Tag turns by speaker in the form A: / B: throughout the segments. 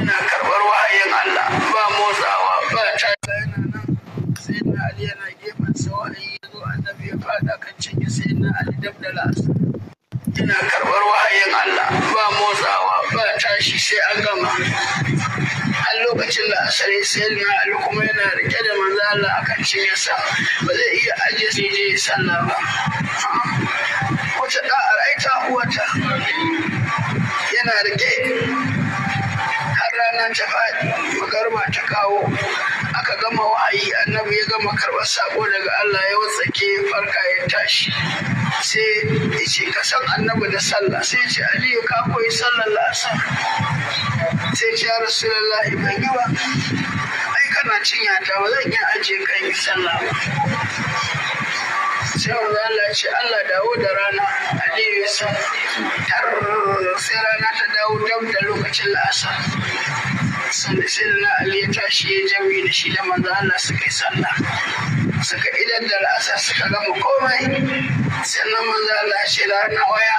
A: Ina karɓar wahayin Allah ba motsawa ba ta yana nan sai na Ali yana gefen sawa'in ya zo annabi ya faɗa kan cinye sai na Ali dab da las. Ina karɓar wahayin Allah ba motsawa ba tashi sai an gama har lokacin da asali sai na Ali kuma yana riƙe da manzo Allah kan cinye sa ba zai iya ajiye sai je ya salla ba wata da'ar aita ta yana rike rana ta faɗi magarma ta kawo aka gama wa'ayi annabi ya gama karɓar sako daga Allah ya watsake farka ya tashi sai ya ce ka san annabi da sallah sai ce aliyu ka koyi sallar la'asar sai ce ya lallahi ban yi ba ai kana cinya ta ba zan iya ajiye kan yi sallah ba sai wanda Allah ce Allah dawo da rana aliyu ya sa har sai rana ta dawo dab da lokacin la'asar sanda sai na ali ya tashi ya jami da shi da manzo Allah suka yi sallah suka idan da la'asa suka gama komai sannan manzo Allah ya da na waya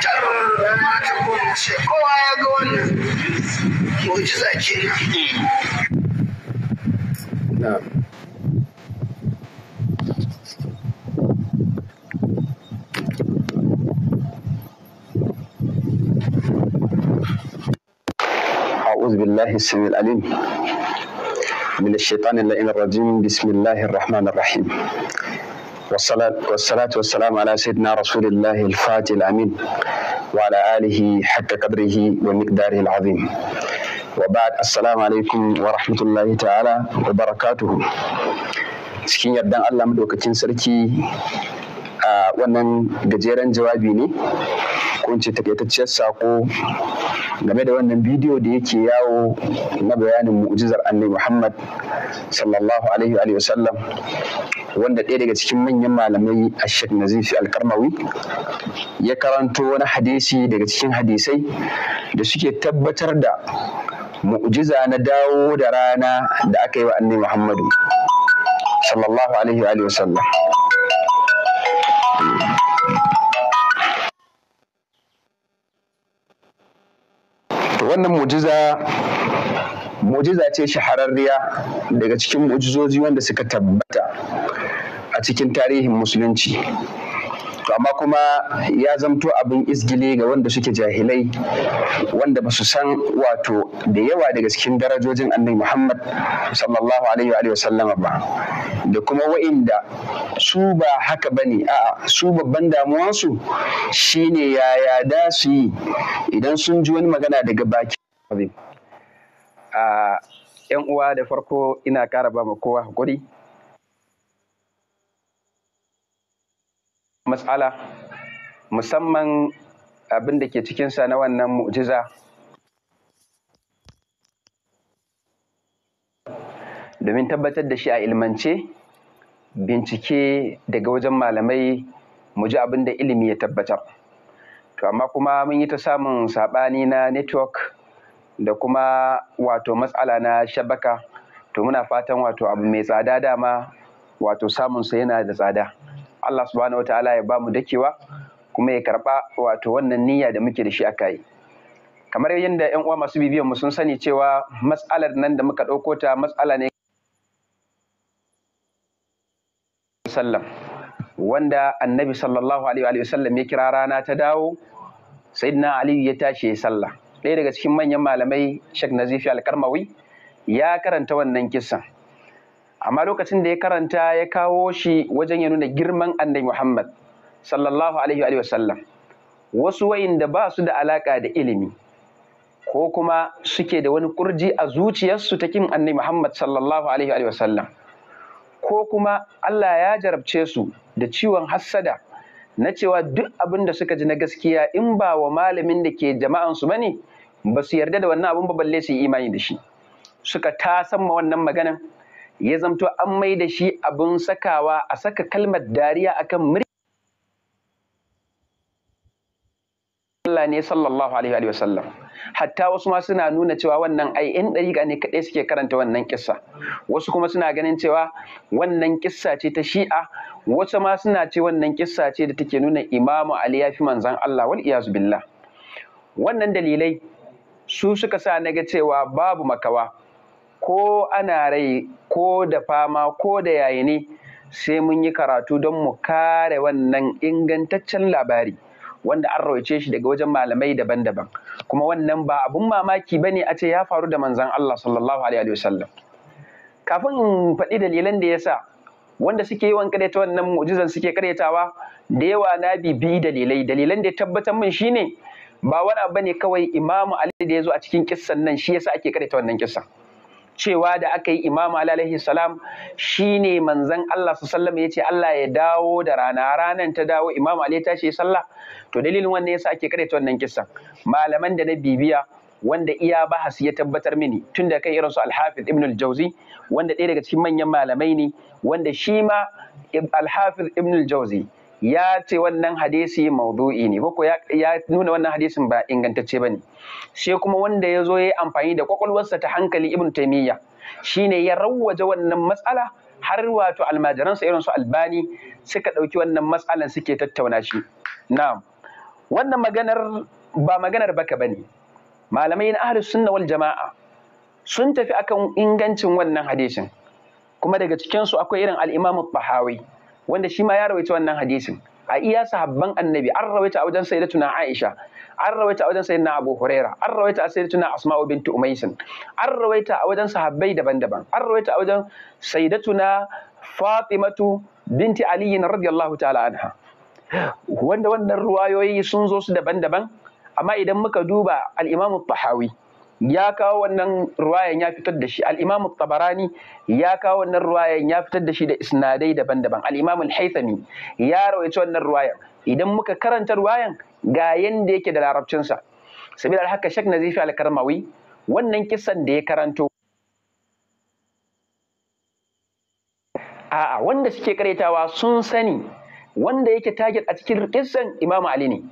A: tar rana ta goma sai kowa ya ga wannan mu'jiza kenan hmm. na'am
B: بالله السميع العليم من الشيطان اللعين الرجيم بسم الله الرحمن الرحيم والصلاة, والصلاة والسلام على سيدنا رسول الله الفاتح الأمين وعلى آله حق قدره ومقداره العظيم وبعد السلام عليكم ورحمة الله تعالى وبركاته cikin yardan Allah madaukakin sarki a wannan gajeren jawabi ne ko in ce takaitacciyar sako game da wannan bidiyo da yake yawo na bayanin mu'ujizar annabi Muhammad sallallahu alaihi wa sallam wanda ɗaya daga cikin manyan malamai a Nazif Nazifi Alkarmawi ya karanto wani hadisi daga cikin hadisai da suke tabbatar da mu'jiza na dawo da rana da aka yi wa annabi Muhammadu sallallahu alaihi wa sallam wannan mujiza mujiza ce shahararriya daga cikin mujizoji wanda suka tabbata a cikin tarihin musulunci to amma kuma ya zamto abin izgile ga wanda suke jahilai wanda ba su san wato da yawa daga cikin darajojin annabi Muhammad sallallahu alaihi wa sallama ba da kuma wa'inda su ba haka bane a'a su babban damuwansu shine yaya da su yi idan sun ji wani magana daga baki
C: yan uwa da farko ina kara ba kowa hakuri matsala musamman abin da ke cikinsa na wannan mu'jiza domin tabbatar da shi a ilmance bincike daga wajen malamai mu ji abin da ilimi ya tabbatar to amma kuma mun yi ta samun saɓani na network da kuma wato matsala na shabaka to muna fatan wato abu mai tsada dama wato samunsa yana da tsada Allah subhanahu ta'ala ya bamu dakewa kuma ya karba wato wannan niyya da muke da shi aka yi kamar yadda yan uwa masu bibiyan mu sun sani cewa matsalar nan da muka ɗauko ta matsala ne sallam wanda annabi sallallahu alaihi wa sallam ya kira rana ta dawo sayyidina ali ya tashi ya sallah ɗaya daga cikin manyan malamai Sheikh Nazifi alkarmawi ya karanta wannan kisan amma lokacin da ya karanta ya kawo shi wajen ya nuna girman annabi Muhammad sallallahu alaihi wa sallam wasu wayanda ba su da alaka da ilimi ko kuma suke da wani kurji a zuciyarsu ta kin annabi Muhammad sallallahu alaihi wa sallam ko kuma Allah ya jarabce su da ciwon hassada na cewa duk abin da suka ji na gaskiya in ba wa malamin da ke jama'ansu bane ba su yarda da wannan abin ba balle su yi imani da shi suka tasamma wannan maganan ya zamto an mai da shi abin sakawa a saka kalmar dariya akan murya Allah ne sallallahu alaihi wa sallam hatta wasu ma suna nuna cewa wannan ai in dariga ne kaɗai suke karanta wannan kissa wasu kuma suna ganin cewa wannan kissa ce ta shi'a wasu ma suna ce wannan kissa ce da take nuna imamu ali ya fi manzan Allah wal iyazu billah wannan dalilai su suka sa na ga cewa babu makawa ko ana rai ko da fama ko da yayi ne sai mun yi karatu don mu kare wannan ingantaccen labari wanda an rawaice shi daga wajen malamai daban-daban kuma wannan ba abun mamaki bane a ce ya faru da manzon Allah sallallahu alaihi wasallam kafin in faɗi dalilan da yasa wanda suke yawan karyata wannan mu'jizan suke karyatawa da yawa na bibi dalilai dalilan da ya tabbatar min shi ne ba wani abu ne kawai imamu ali da ya zo a cikin kissan nan shi yasa ake karyata wannan kissan cewa da aka yi Imam alaihi salam shine manzan Allah Sallama ya ce Allah ya dawo da rana ranan ta dawo Imam Ali ya tashi sallah to dalilin wannan yasa ake karaita wannan kissan malaman da na bibiya wanda iya bahas ya tabbatar mini tun da kai irinsu alhafiz ibn al-jauzi wanda ɗaya daga cikin manyan malamai ne wanda shi ma alhafiz ibn ya ce wannan hadisi maudu'i ne ko ya nuna wannan hadisin ba ingantacce bane sai kuma wanda ya zo ya yi amfani da kwakwalwarsa ta hankali ibn taimiyya shine ya rawwaje wannan matsala har wato almajiransa irin su albani suka ɗauki wannan matsalan suke tattauna shi na'am wannan maganar ba maganar baka bane malamai na ahlus sunna wal jama'a sun tafi akan ingancin wannan hadisin kuma daga cikinsu akwai irin al-imam wanda shi ma ya rawaita wannan hadisin a iya sahabban annabi an rawaita a wajen na Aisha an rawaita a wajen sayyidina Abu Huraira an rawaita a na Asma'u bintu Umaysin an rawaita a wajen sahabbai daban-daban an rawaita a wajen sayyidatuna Fatimatu binti Ali radiyallahu ta'ala anha wanda wannan ruwayoyi sun zo su daban-daban amma idan muka duba al imamu Tahawi ya kawo wannan ruwayan ya fitar da shi al-Imam tabarani ya kawo wannan ruwayan ya fitar da shi da isnadai daban-daban al-Imam al-Haythami ya rawaito wannan ruwayan idan muka karanta ruwayan ga yanda yake da larabcin sa saboda haka Sheikh Nazifi al-Karmawi wannan kisan da ya karanto a'a wanda suke karetawa sun sani wanda yake target a cikin kissan Imam Ali ne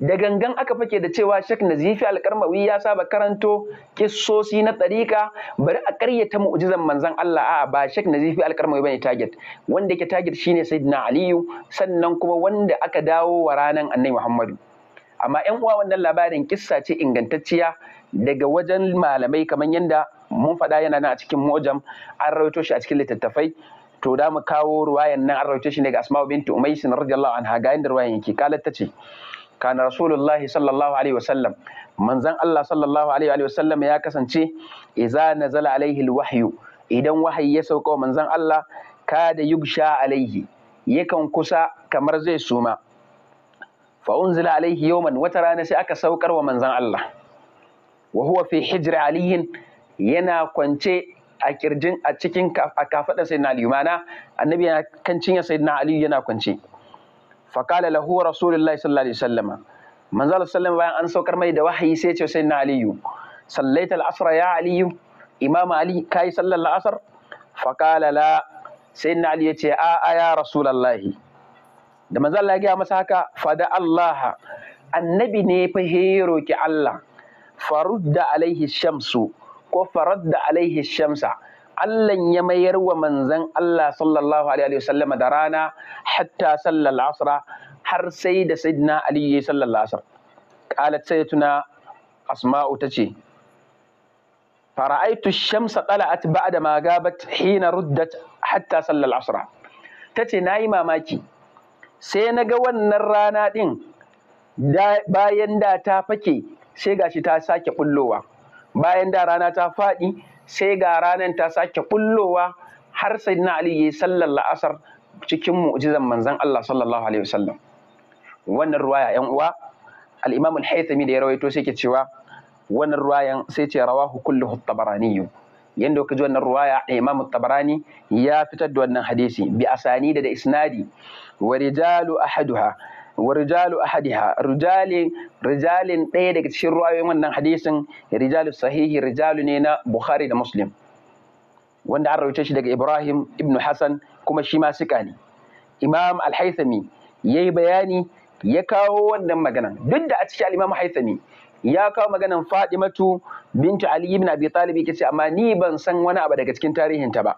C: da gangan aka fake da cewa shek Nazifi Alkarmawi ya saba karanto kissosi na tsarika bari a ƙaryata mu'jizan manzon Allah a ba shek Nazifi ba ne target wanda yake target shine Sayyidina Aliyu sannan kuma wanda aka dawo wa ranan Annabi Muhammadu amma ƴan uwa wannan labarin kissa ce ingantacciya daga wajen malamai kamar yadda mun faɗa yana nan a cikin mojam an rawaito shi a cikin littattafai to da mu kawo ruwayan nan an rawaito shi ga Asma'u umaisu Umays radiyallahu anha ga inda ruwayan yake kalar tace kana rasulullahi sallallahu alaihi wasallam manzon Allah sallallahu alaihi wasallam ya kasance idza nazala alaihi alwahyu idan wahayi ya sauka manzan Allah kada yugsha alaihi yakan kusa kamar zai suma fa unzila alaihi yawman wata rana sai aka saukar wa manzan Allah wa huwa fi hijri aliyin yana kwance a kirjin a cikin a kafadar sayyidina aliyu mana annabi yana kan cinya sayyidina aliyu yana kwance la lahu rasulullahi sallallahu alaihi wasallam manzo Allah sallallahu bayan an saukar mai da wahayi sai ya ce sayyidina aliyu sallaita al ya aliyu imam ali kai sallar la'asar? asr faqala la sayyidina ali ya ce a a ya rasulullahi da manzo Allah ya masa haka fada Allah annabi ne fa hero ki Allah farudda alaihi shamsu ko faradda alaihi shamsa Allah ya mayar wa manzan Allah sallallahu alaihi wasallam da rana hatta sallal asra har sai da sayyidina Ali ya sallal asr qalat sayyidatuna asma'u tace fara'aitu shamsa tala'at ba'da ma gabat hina ruddat hatta sallal asra tace nayi mamaki sai na ga wannan rana din bayan da ta fake sai gashi ta sake bullowa bayan da rana ta faɗi sai ga ranar ta sake kullowa har sai na ali yayi sallar la'asar cikin mu'jizan manzon Allah sallallahu alaihi wasallam wannan ruwaya yan uwa al-imam al-haythami da ya rawaito sai ke cewa wannan ruwayan sai ce rawahu kulluhu tabarani yanda ka ji wannan ruwaya imam tabarani ya fitar da wannan hadisi bi asani da isnadi wa rijalu ahaduha wa rijalu ahadiha rijali rijalin ɗaya daga cikin ruwayoyin wannan hadisin rijalu sahihi rijalu ne na bukhari da muslim wanda an rauce shi daga ibrahim ibnu hasan kuma shi ma sika ne imam alhaisami yayi bayani ya kawo wannan maganan duk da a cikin al haisami ya kawo maganan fadimatu bintu ali ibn abi talib yake ce amma ni ban san wani abu daga cikin tarihinta ba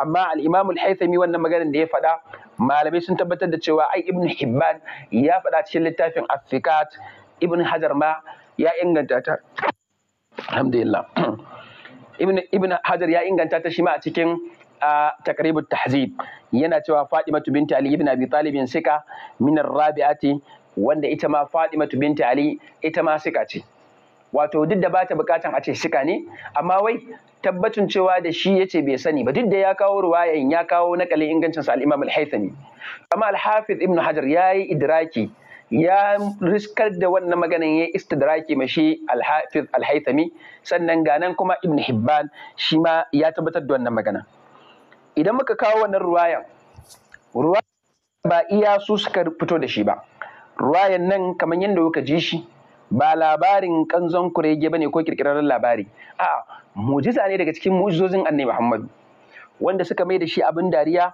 C: amma al Haisami, al-Haythami wannan maganar da ya faɗa malamai sun tabbatar da cewa ai Ibn Hibban ya faɗa cikin littafin Afikat Ibn Hajar ma ya inganta ta alhamdulillah Ibn Hajar ya inganta ta shi ma a cikin a takribut tahzib yana cewa Fatimatu binti Ali ibn Abi Talib sika min rabiati wanda ita ma Fatimatu binti Ali ita ma sika ce wato duk da bata bukatan a ce shika ne amma wai tabbacin cewa da shi yace bai sani ba duk da ya kawo ruwayan ya kawo nakalin ingancin sa al-Imam al-Haythami amma al-Hafiz Ibn Hajar yayi idraki ya riskar da wannan maganan ya istidraki mashi al-Hafiz al-Haythami sannan ganan kuma Ibn Hibban shi ma ya tabbatar da wannan magana idan muka kawo wannan ruwayan ruwa ba iya su suka fito da shi ba ruwayan nan kamar yadda kuka ji shi ba labarin kanzon kurege bane ko kirkirar labari a mujiza ne daga cikin mujizozin annabi Muhammadu wanda suka mai da shi abin dariya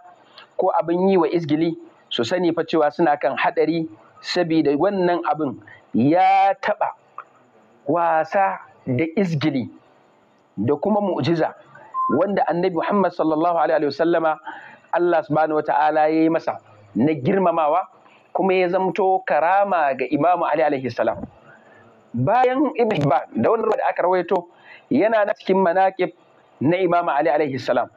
C: ko abin yi wa izgili su sani fa cewa suna kan hadari saboda wannan abin ya taba wasa da izgili da kuma mu'jiza wanda annabi Muhammad sallallahu alaihi wasallama Allah subhanahu wata'ala ya yi masa na girmamawa kuma ya zamto karama ga imamu Ali alaihi salam bayan ibn hibban da wannan da aka rawaito yana na cikin manaƙib na imam ali alaihi salam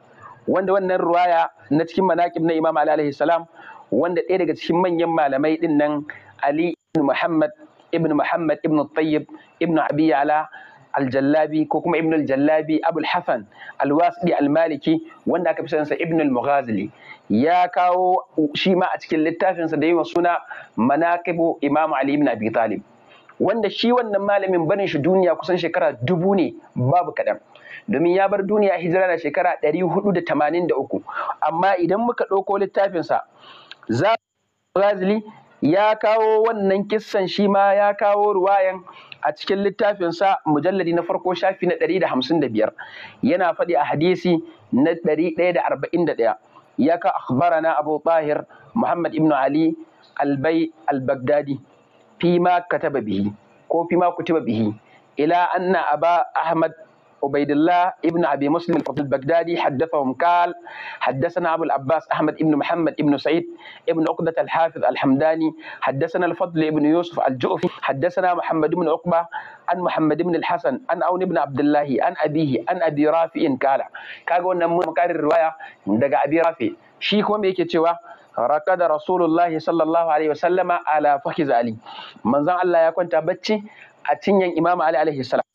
C: wanda wannan ruwaya na cikin manaƙib na imam ali alaihi salam wanda ɗaya daga cikin manyan malamai din nan ali ibn muhammad ibn muhammad ibn tayyib ibn abi ala aljallabi ko kuma ibn aljallabi al hasan Al-maliki, wanda aka fi sansa ibn almughazili ya kawo shi ma a cikin littafinsa da yi wa suna manaƙibu imam ali ibn abi talib wanda shi wannan malamin barin shi duniya kusan shekara dubu ne babu kaɗan domin ya bar duniya hijira da shekara ɗari hudu da tamanin da uku amma idan muka ɗauko littafinsa za razili ya kawo wannan kissan shi ma ya kawo ruwayan a cikin littafinsa mujalladi na farko shafi na ɗari da hamsin da biyar yana faɗi a hadisi na ɗari ɗaya da arba'in da ɗaya ya ka akhbarana abu tahir muhammad ibnu ali albay al-baghdadi fima kataba bihi ko fima kutiba bihi ila anna aba ahmad عبيد الله ابن ابي مسلم القبطي البغدادي حدثهم قال حدثنا ابو العباس احمد ابن محمد ابن سعيد ابن عقده الحافظ الحمداني حدثنا الفضل ابن يوسف الجوفي حدثنا محمد بن عقبه عن محمد بن الحسن عن اون بن عبد الله عن ابيه عن ابي رافع قال كاغا wannan mun karin riwaya daga abi rafi shi kuma yake cewa Raka da rasulullahi sallallahu alaihi wasallama ala fakiz ali manzon Allah ya kwanta bacci a cinyan imam ali alaihi salam